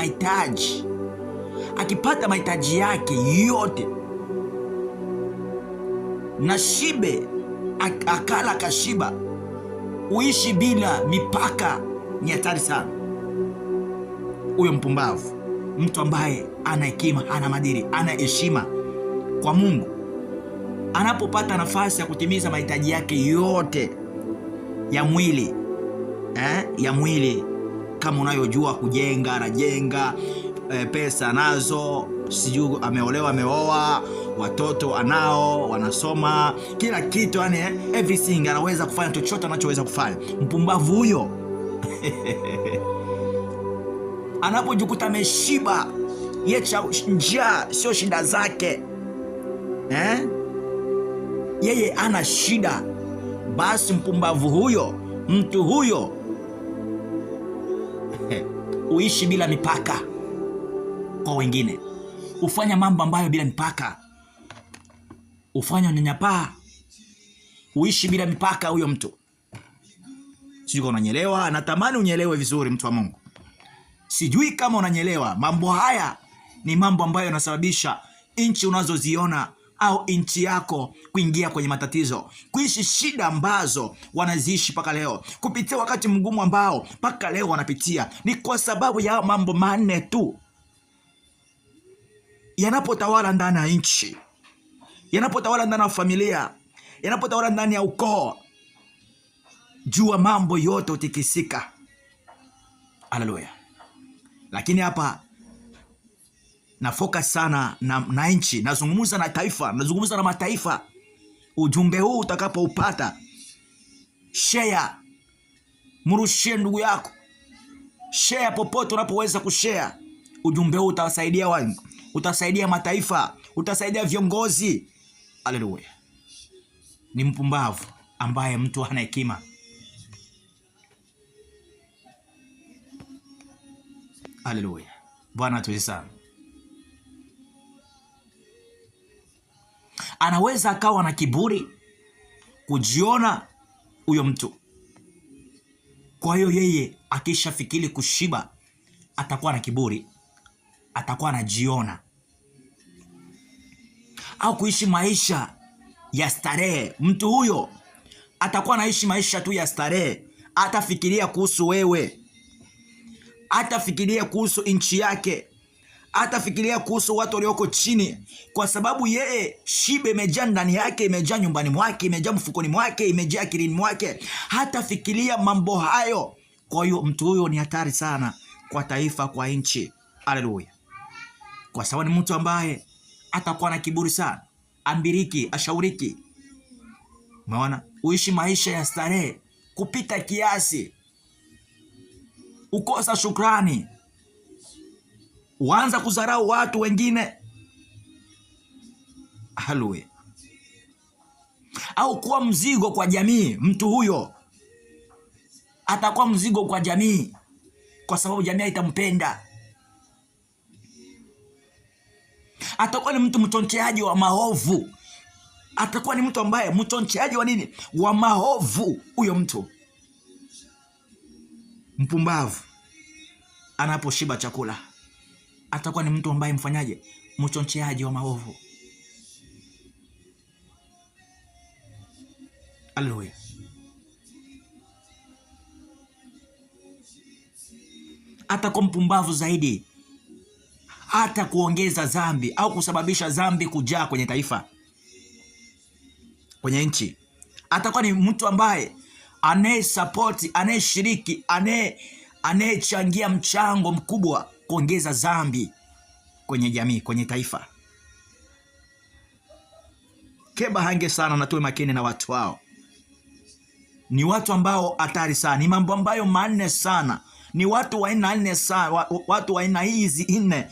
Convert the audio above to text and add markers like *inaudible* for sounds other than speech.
mahitaji, akipata mahitaji yake yote, na shibe akala kashiba. Uishi bila mipaka ni hatari sana. Huyo mpumbavu, mtu ambaye ana hekima, ana madiri, ana heshima kwa Mungu, anapopata nafasi ya kutimiza mahitaji yake yote ya mwili eh, ya mwili kama unayojua kujenga, anajenga e, pesa nazo, sijuu ameolewa, ameoa, watoto anao, wanasoma, kila kitu, yani eh, everything, anaweza kufanya chochote anachoweza kufanya. Mpumbavu huyo *laughs* anapojikuta ameshiba, yecha njaa sio shida zake eh? Yeye ana shida, basi mpumbavu huyo, mtu huyo uishi bila mipaka kwa wengine, ufanya mambo ambayo bila mipaka, ufanya unyanyapaa, uishi bila mipaka huyo mtu. Sijui kama unanyelewa, natamani unyelewe vizuri, mtu wa Mungu. Sijui kama unanyelewa, mambo haya ni mambo ambayo yanasababisha nchi unazoziona au nchi yako kuingia kwenye matatizo, kuishi shida ambazo wanaziishi mpaka leo, kupitia wakati mgumu ambao mpaka leo wanapitia, ni kwa sababu ya mambo manne tu yanapotawala ndani ya nchi, yanapotawala ndani ya familia, yanapotawala ndani ya ukoo, jua mambo yote utikisika Haleluya! Lakini hapa na focus sana na, na nchi, nazungumza na taifa, nazungumza na mataifa. Ujumbe huu utakapoupata, share, mrushie ndugu yako, share popote unapoweza kushare ujumbe huu. Utawasaidia wao, utasaidia mataifa, utasaidia viongozi. Haleluya! Ni mpumbavu ambaye mtu hana hekima. Haleluya! Bwana atuwe sana. anaweza akawa na kiburi, kujiona huyo mtu. Kwa hiyo yeye akishafikiri kushiba, atakuwa na kiburi, atakuwa anajiona, au kuishi maisha ya starehe. Mtu huyo atakuwa anaishi maisha tu ya starehe, atafikiria kuhusu wewe, atafikiria kuhusu nchi yake fikiria kuhusu watu walioko chini, kwa sababu yeye shibe imejaa ndani yake, imejaa nyumbani mwake, imejaa mfukoni mwake, imejaa akilini mwake, hatafikiria mambo hayo. Kwa hiyo mtu huyo ni hatari sana kwa taifa, kwa nchi. Haleluya! Kwa sababu ni mtu ambaye atakuwa na kiburi sana, ambiriki, ashauriki. Umeona, uishi maisha ya starehe kupita kiasi, ukosa shukrani Waanza kudharau watu wengine. Haleluya! Au kuwa mzigo kwa jamii. Mtu huyo atakuwa mzigo kwa jamii, kwa sababu jamii haitampenda. Atakuwa ni mtu mchoncheaji wa maovu, atakuwa ni mtu ambaye mchoncheaji wa nini? Wa maovu. Huyo mtu mpumbavu anaposhiba chakula atakuwa ni mtu ambaye mfanyaje, mchoncheaji wa maovu. Haleluya. Atakuwa mpumbavu zaidi, hata kuongeza zambi au kusababisha zambi kujaa kwenye taifa, kwenye nchi. Atakuwa ni mtu ambaye anayesapoti, anayeshiriki, anayechangia mchango mkubwa kuongeza dhambi kwenye jamii, kwenye taifa. Keba hange sana na tuwe makini na watu wao, Ni watu ambao hatari sana, ni mambo ambayo manne sana, ni watu wa aina nne sana, watu wa aina hizi nne